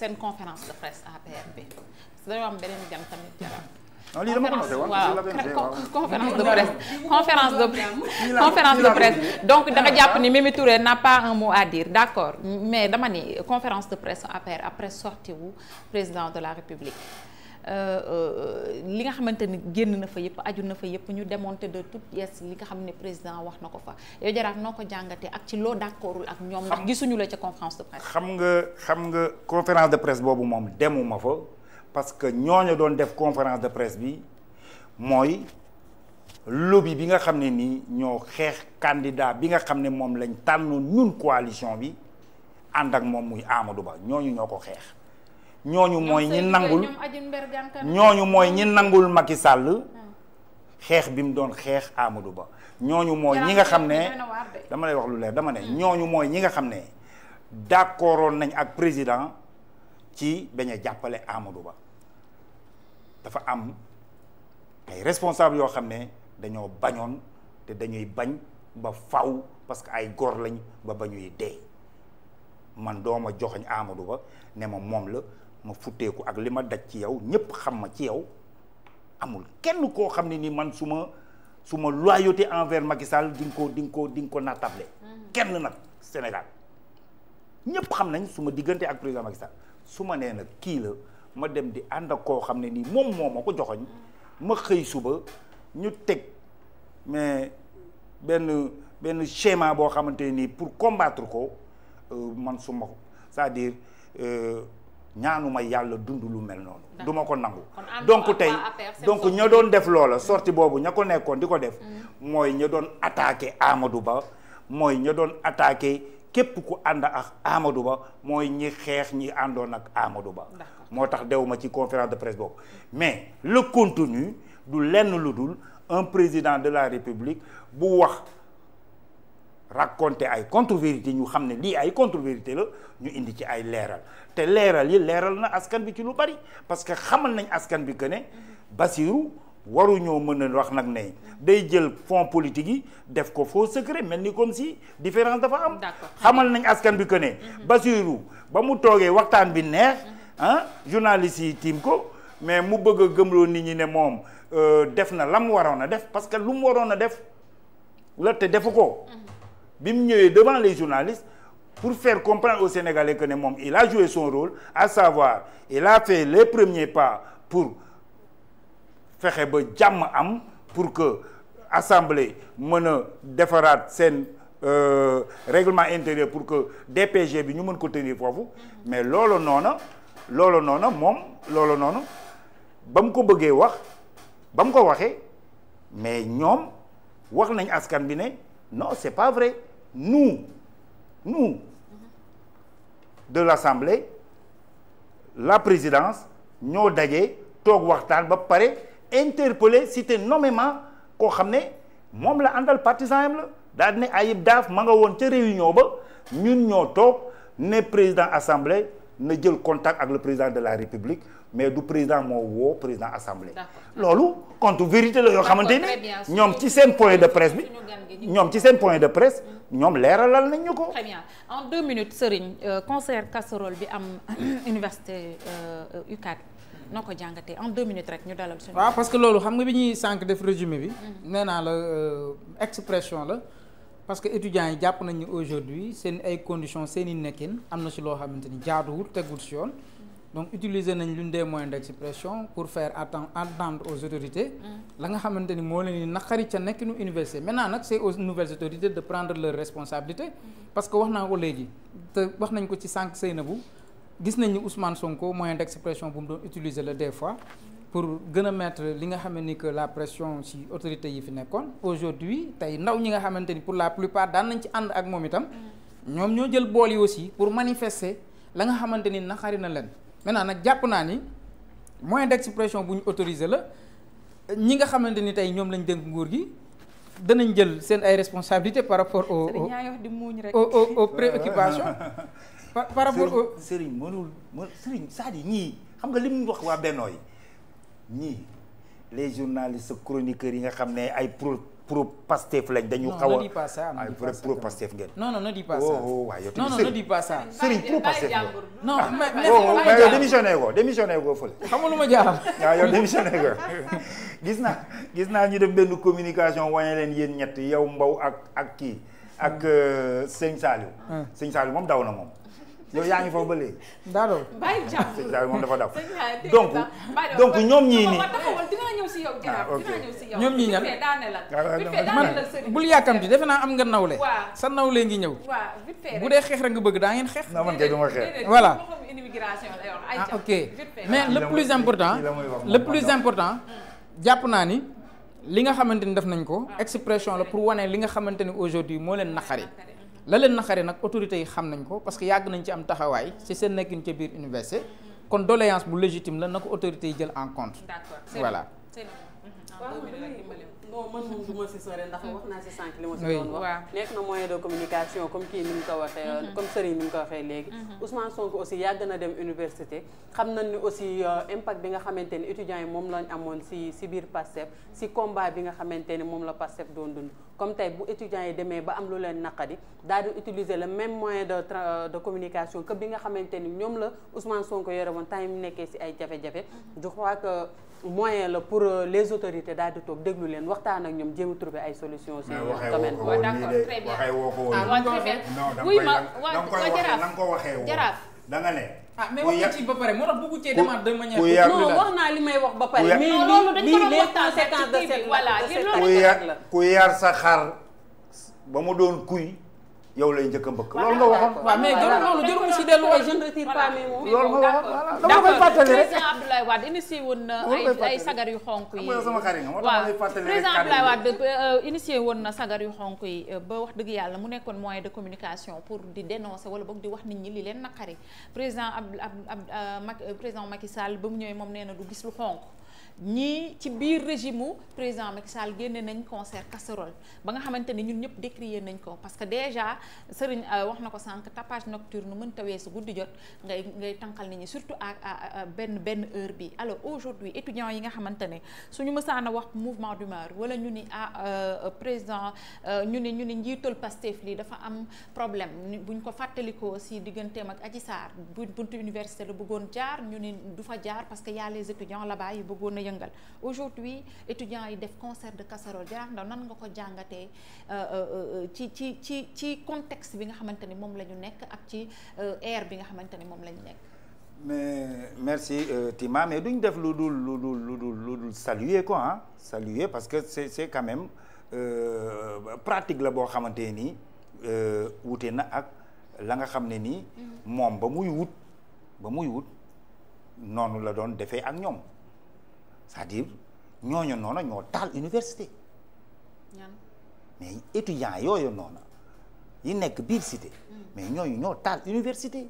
seen conférence de presse APR bi dañoo am beneen jàng tamit jaram dama conférence de presse conférence de presse conférence de presse donc da jàpp ni Mimi Touré n'a pas un mot à dire d'accord mais dama ni conférence de presse APR après sortie wu président de la République Euh, euh, li nga xamante ni génn na fa yëpp aju na fa yëpp ñu démonter de toute pièce li nga xam ne président wax na ko fa yow jaraaf noo ko jàngatee ak ci loo d'accordul ak ñoom ndax gisuñu la ca conférence de presse xam nga xam nga conférence de presse boobu moom demuma fa parce que ñooñu doon def conférence de presse bi mooy lobby bi nga xam ne nii ñoo xeex candidat bi nga xam ne moom lañ tànn ñun coalition bi ànd ak moom muy Amadou Ba ñooñu ñoo ko xeex ñooñu mooy ñi nangul ñooñu mooy ñi nangul Macky Sall hmm. xeex bi mu doon xeex Amadou Ba ñooñu mooy ñi nga xam ne dama lay wax dama ne hmm. ñooñu mooy ñi nga xam ne d'accordoon nañ ak président ci bañ a jàppale Amadou Ba dafa am ay responsable yoo xam ne dañoo bañoon te dañuy bañ ba faw parce que ay góor lañ ba ba ñuy dee man dooma joxoñ Amadou Ba ne ma moom la ma futteeku ak li ma daj ci yow ñëpp xam ma ci yow amul kenn koo xam ne nii man su ma su ma loyauté envers Macky Sall di nga ko di nga ko di nga ko mm-hmm. kenn nag Sénégal ñëpp xam nañ su ma diggante ak président Macky su ma nee nag kii la ma dem di ànd ak koo xam ne nii moom moo ma ko joxoñ mm-hmm. ma xëy suba ñu teg mais benn benn schéma boo xamante nii pour combattre ko euh, man su ma cest à euh, ñaanuma yàlla dund lu mel noonu duma ko nangu donc tey donc ña doon def loola sorti boobu ña ko nekkoon di ko def mm. mooy ña doon attaqué Amadou Ba mooy ña doon attaqué képp ku ànd ak Amadou Ba mooy ñi xeex ñi àndoon ak Amadou Ba moo tax dewuma ci conférence de presse boobu mais le contenu du lenn lu dul un président de la République bu wax raconté ay contre-vérité ñu xam ne lii ay contre-vérité la ñu indi ci ay leeral te leeral yi leeral na askan bi ci lu bari parce que xamal nañ askan bi que ne Bassirou waruñoo mën a wax nag ne day jël fonds politique yi def ko faux secret mel ni comme si différence dafa am xamal nañ askan bi que ne mhm. Bassirou ba mu toogee waxtaan bi neex mhm. ah journaliste yi tiim ko mais mu bëgg a gëmloo nit ñi ne moom euh, def na la mu waroon a def parce que lu mu waroon a def la te defu ko mhm. bi mu ñëwee devant les journalistes pour faire comprendre aux Sénégalais que ne moom il a joué son rôle à savoir il a fait les premiers pas pour fexe ba jàmm am pour que assemblée mën a defaraat seen euh, règlement intérieur pour que DPG bi ñu mën ko tenir foofu mais loolu noona loolu noona moom looloo noonu ba mu ko bëggee wax ba mu ko waxee mais ñoom wax nañ askan bi ne non c'est pas vrai nous, nous, de l'Assemblée, la présidence, ñoo dajee toog waxtaan ba pare interpellé cité nommément koo xam ne moom la àndal partisan yam la daal ne Ayib Daaf ma nga woon ca réunion ba ñun ñoo toog ne président assemblée na jël contact ak le président de la république mais du président moo woo président assemblée. loolu contre vérité la yoo xamante ni ñoom ci seen point de presse bi ñoom ci seen point de presse ñoom leeralal nañ ñu ko. très bien en deux minutes Serigne euh, concert casserole bi am université euh, UCAD noo ko jàngatee en deux minutes rek ñu dalal suñu. waaw parce que loolu xam nga bi ñuy sànq def résumé bi. Mm-hmm. nee naa la euh, expression la. parce que étudiants yi jàpp nañu ne aujourd'hui seen ay condition seeni nekkin am na si loo xamante ni jaaduwul tegul ci yoon. donc utiliser nañ l'une des moyens d'expression pour faire entendre aux autorités mm. la nga xamante ni moo leen di naqari ca nekkinu université maintenant nag c'est aux nouvelles autorités de prendre leurs responsabilités mm. parce que wax naa ko léegi te wax nañ ko ci sànq Seynabou gis nañ ni Ousmane Sonko moyen d'expression bu mu doon utiliser la des fois pour gën a mettre li nga xam ni que la pression ci autorité yi fi nekkoon aujourd'hui tey ndaw ñi nga xamante ni pour la plupart daan nañ ci ànd ak moom itam mm. ñoom ñoo jël bool yi aussi pour manifester la nga xamante ni naqari na leen maintenant nag jàpp naa ni moyen d'expression bu ñu autorisé la ñi nga xamante ni tey ñoom lañ dénk nguur gi danañ jël seen ay responsabilités par rapport au au aux préoccupations par par rapport au Serigne mënul Serigne cest à ñii xam nga li mu wax waa Benno ñii les journalistes chroniqueurs yi nga xam ne ay pro pro Pastef lañ dañu. xaw a non ne dis pas ça oh, oh, ne dis pas ça pro Pastef ngeen. non non ah, oh, ko démissionné ko fële. xam nga lu ma jaaxal. ko gis naa gis naa ñu def benn communication wane leen yéen ñett yow mbaw ak ak kii ak hmm. euh, Serigne Saliou. Hmm. Serigne moom daw na moom. yow yaa ngi foofu ba léegi. daa doon bàyyi jàmbur Serigne daw. donc donc ñoom ñii nii. si yow ñoom ñi ñan man bul yàkkamti defe naa am nga nawle sa nawle ngi ñëw bu dee xeex rek nga bëgg daa ngeen xeex voilà ah ok mais le plus important le plus important jàpp naa ni li nga xamante ni def nañ ko ah. expression la pour wane li nga xamante ni aujourd'hui moo leen naqari la leen naqari nag autorité yi xam nañ ko parce que yàgg nañ ci am taxawaay si seen nekkin ca biir université kon doléance bu légitime la na ko autorité yi jël en compte voilà sëñ man moom du ma si ndax wax naa si sànq li ma si doon nekk na moyen de communication comme kii ni mu ko waxee mhm. comme Serigne ni mu ko waxee léegi mhm. Ousmane Sonko aussi yàgg na dem université xam na ni aussi euh, impact bi nga xamante ni étudiants yi moom lañ amoon si si biir PASTEF si combat bi nga xamante ni moom la PASTEF doon dund comme tey bu étudiants yi demee ba am lu leen naqadi daal di utiliser le même moyen de de communication que bi nga xamante ni ñoom la Ousmane Sonko yore woon temps mu nekkee si ay jafe-jafe je crois que moyen la pour euh, les autorités daal di toog déglu leen waxtaan ak ñoom jéem a trouver ay solution si domaine bi waaw d'accord ko woon. ah waaw très bien. non da nga leen da nga koy waxee da ah mais wax na ci ba pare moo tax bëggu cee demaat de manière. non wax naa li may wax ba pare. mais lii lii les conséquences de cette voilà ku yar sa xar ba mu doon kuy. yow lay njëkk a mbëkk loolu nga waxoon. waaw mais jarul loolu jarul mu si dellu ay je ne retire pas mes mots. loolu nga waxoon voilà dama koy fàttali président Abdoulaye Wade initié woon na ay ay sagar yu xonq yi. waaw président Abdoulaye Wade euh, woon na sagar yu xonk yi euh, ba wax dëgg yàlla mu nekkoon moyen de communication pour di dénoncer wala boog di wax nit ñi li leen naqari président ab ab ab président Macky Sall ba mu ñëwee moom nee na du gis lu xonk. ñii ci biir régime mu président Macky Sall génne nañ concert casserole ba nga xamante ni ñun ñëpp décrier nañ ko parce que déjà Serigne euh, wax na ko sànq tapage nocturne mën ta weesu guddi jot ngay ngay tànqal nit ñi surtout ak benn benn heure bi alors aujourd'hui étudiants yi nga xamante ne suñu mësaan a wax mouvement d'humeur wala ñu ni ah euh, président euh, ñu ni ñu ni njiital Pastef lii dafa am problème buñ ko ko si digganteem ak Adji Sarr bu buntu université la bëggoon jaar ñu ni du jaar parce que y a a yëngal aujourd'hui étudiants yi def concert de casserole Diarra Ndao nan nga ko jàngatee euh, euh, euh, ci ci ci ci contexte bi nga xamante ni moom lañu nekk ak ci air bi nga xamante ni moom la ñu nekk mais merci euh, Tima mais duñ def lu dul lu dul lu dul lu dul saluer quoi ah saluer parce que c'est c'est quand même euh, pratique la boo xamante nii wute na ak la nga xam ne nii mm-hmm. moom ba muy wut ba muy wut noonu la doon defee ak ñoom c'est-à-dire ñooñu noona ñoo taal université mais étudiants yooyu noona yi nekk biir cité mm. mais ñooñu ñoo taal université